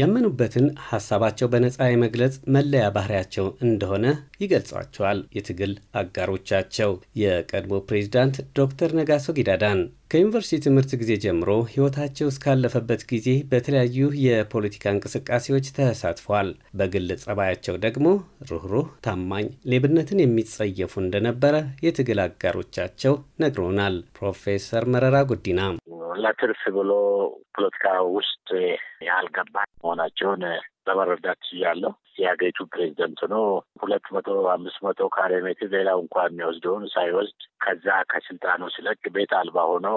ያመኑበትን ሐሳባቸው በነጻ የመግለጽ መለያ ባህሪያቸው እንደሆነ ይገልጿቸዋል የትግል አጋሮቻቸው የቀድሞ ፕሬዚዳንት ዶክተር ነጋሶ ጊዳዳን ከዩኒቨርሲቲ ትምህርት ጊዜ ጀምሮ ሕይወታቸው እስካለፈበት ጊዜ በተለያዩ የፖለቲካ እንቅስቃሴዎች ተሳትፏል። በግል ጸባያቸው ደግሞ ሩኅሩህ፣ ታማኝ፣ ሌብነትን የሚጸየፉ እንደነበረ የትግል አጋሮቻቸው ነግሮናል። ፕሮፌሰር መረራ ጉዲና ለትርፍ ብሎ ፖለቲካ ውስጥ ያልገባ መሆናቸውን ለመረዳት ችያለሁ። የሀገሪቱ ፕሬዚደንት ሆኖ ሁለት መቶ አምስት መቶ ካሬ ሜትር ሌላው እንኳን የሚወስደውን ሳይወስድ ከዛ ከስልጣኑ ሲለቅ ቤት አልባ ሆኖ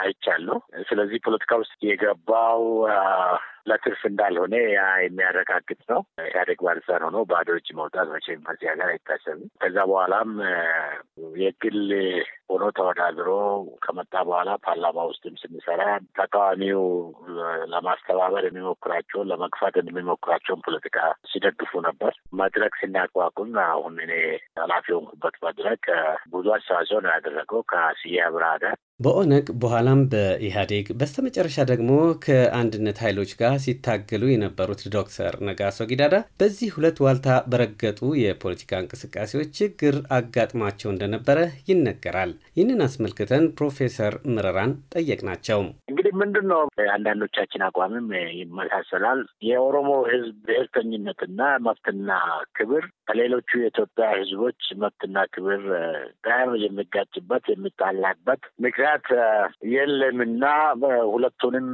አይቻለሁ። ስለዚህ ፖለቲካ ውስጥ የገባው ለትርፍ እንዳልሆነ ያ የሚያረጋግጥ ነው። ኢህአዴግ ባለስልጣን ሆኖ ባዶ እጅ መውጣት መቼም ከዚህ ሀገር አይታሰብም። ከዛ በኋላም የግል ሆኖ ተወዳድሮ ከመጣ በኋላ ፓርላማ ውስጥም ስንሰራ ተቃዋሚው ለማስተባበር የሚሞክራቸውን ለመግፋት የሚሞክራቸውን ፖለቲካ ሲደግፉ ነበር። መድረክ ሲናቋቁም አሁን እኔ ኃላፊ የሆንኩበት መድረክ ብዙ አስተዋጽኦ ነው ያደረገው ከስዬ አብርሃ ጋር በኦነግ በኋላም በኢህአዴግ በስተመጨረሻ ደግሞ ከአንድነት ኃይሎች ጋር ሲታገሉ የነበሩት ዶክተር ነጋሶ ጊዳዳ በዚህ ሁለት ዋልታ በረገጡ የፖለቲካ እንቅስቃሴዎች ችግር አጋጥሟቸው እንደነበረ ይነገራል። ይህንን አስመልክተን ፕሮፌሰር ምረራን ጠየቅናቸው። እንግዲህ ምንድን ነው አንዳንዶቻችን አቋምም ይመሳሰላል። የኦሮሞ ህዝብ ብሔርተኝነትና መብትና ክብር ከሌሎቹ የኢትዮጵያ ህዝቦች መብትና ክብር ጋር የሚጋጭበት የሚጣላበት ምክንያት ምክንያት የለምና ሁለቱንም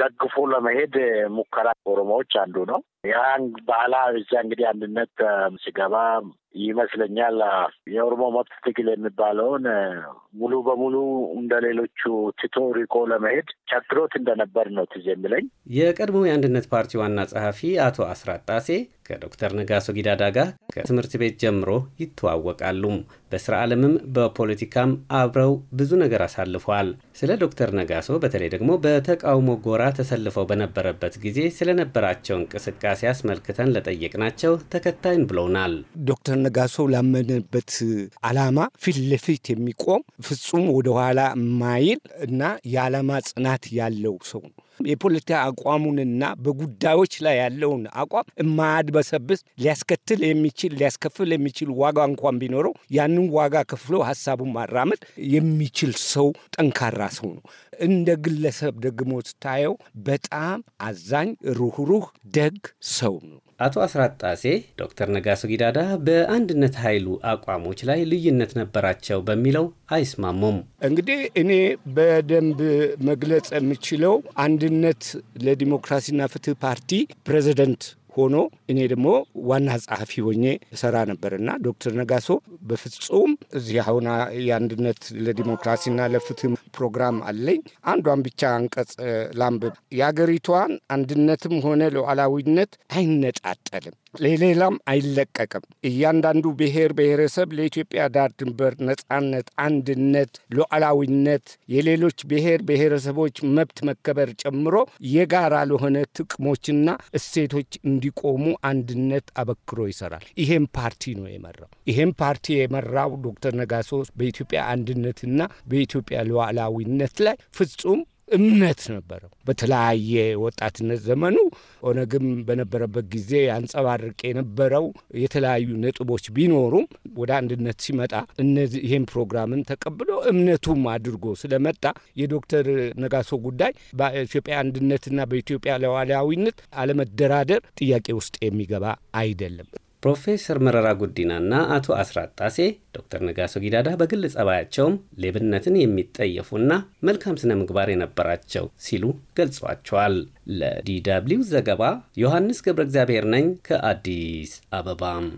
ደግፎ ለመሄድ ሙከራ ኦሮሞዎች አንዱ ነው። ያን ባህላ እዛ እንግዲህ አንድነት ሲገባ ይመስለኛል የኦሮሞ መብት ትግል የሚባለውን ሙሉ በሙሉ እንደ ሌሎቹ ትቶ ሪቆ ለመሄድ ቸግሮት እንደነበር ነው ትዝ የሚለኝ። የቀድሞ የአንድነት ፓርቲ ዋና ጸሐፊ አቶ አስራት ጣሴ ከዶክተር ነጋሶ ጊዳዳ ጋር ከትምህርት ቤት ጀምሮ ይተዋወቃሉ። በስራ ዓለምም በፖለቲካም አብረው ብዙ ነገር አሳልፈዋል። ስለ ዶክተር ነጋሶ በተለይ ደግሞ በተቃውሞ ጎራ ተሰልፈው በነበረበት ጊዜ ስለነበራቸው እንቅስቃሴ እንቅስቃሴ አስመልክተን ለጠየቅናቸው ተከታይን ብለውናል። ዶክተር ነጋሶ ላመነበት አላማ ፊት ለፊት የሚቆም ፍጹም ወደኋላ ማይል እና የዓላማ ጽናት ያለው ሰው ነው። የፖለቲካ አቋሙንና በጉዳዮች ላይ ያለውን አቋም የማያድበሰብስ ሊያስከትል የሚችል ሊያስከፍል የሚችል ዋጋ እንኳን ቢኖረው ያንን ዋጋ ከፍሎ ሀሳቡን ማራመድ የሚችል ሰው ጠንካራ ሰው ነው። እንደ ግለሰብ ደግሞ ስታየው በጣም አዛኝ፣ ሩህሩህ፣ ደግ ሰው ነው። አቶ አስራት ጣሴ ዶክተር ነጋሶ ጊዳዳ በአንድነት ኃይሉ አቋሞች ላይ ልዩነት ነበራቸው በሚለው አይስማሙም። እንግዲህ እኔ በደንብ መግለጽ የምችለው አንድ አንድነት ለዲሞክራሲና ፍትህ ፓርቲ ፕሬዚደንት ሆኖ እኔ ደግሞ ዋና ጸሐፊ ሆኜ ሰራ ነበርና ዶክተር ነጋሶ በፍጹም እዚህ አሁን የአንድነት ለዲሞክራሲና ለፍትህ ፕሮግራም አለኝ። አንዷን ብቻ አንቀጽ ላንብብ። የአገሪቷን አንድነትም ሆነ ሉዓላዊነት አይነጣጠልም፣ ለሌላም አይለቀቅም። እያንዳንዱ ብሔር ብሔረሰብ ለኢትዮጵያ ዳር ድንበር ነፃነት፣ አንድነት፣ ሉዓላዊነት፣ የሌሎች ብሔር ብሔረሰቦች መብት መከበር ጨምሮ የጋራ ለሆነ ጥቅሞችና እሴቶች እንዲቆሙ አንድነት አበክሮ ይሰራል። ይሄም ፓርቲ ነው የመራው። ይሄም ፓርቲ የመራው ዶክተር ነጋሶ በኢትዮጵያ አንድነትና በኢትዮጵያ ሉዓላ በማዕከላዊነት ላይ ፍጹም እምነት ነበረው። በተለያየ ወጣትነት ዘመኑ ኦነግም በነበረበት ጊዜ አንጸባርቅ የነበረው የተለያዩ ነጥቦች ቢኖሩም ወደ አንድነት ሲመጣ እነዚህ ይህን ፕሮግራምን ተቀብሎ እምነቱም አድርጎ ስለመጣ የዶክተር ነጋሶ ጉዳይ በኢትዮጵያ አንድነትና በኢትዮጵያ ሉዓላዊነት አለመደራደር ጥያቄ ውስጥ የሚገባ አይደለም። ፕሮፌሰር መረራ ጉዲናና አቶ አስራት ጣሴ ዶክተር ነጋሶ ጊዳዳ በግል ጸባያቸውም ሌብነትን የሚጠየፉና መልካም ስነ ምግባር የነበራቸው ሲሉ ገልጿቸዋል። ለዲ ደብልዩ ዘገባ ዮሐንስ ገብረ እግዚአብሔር ነኝ ከአዲስ አበባም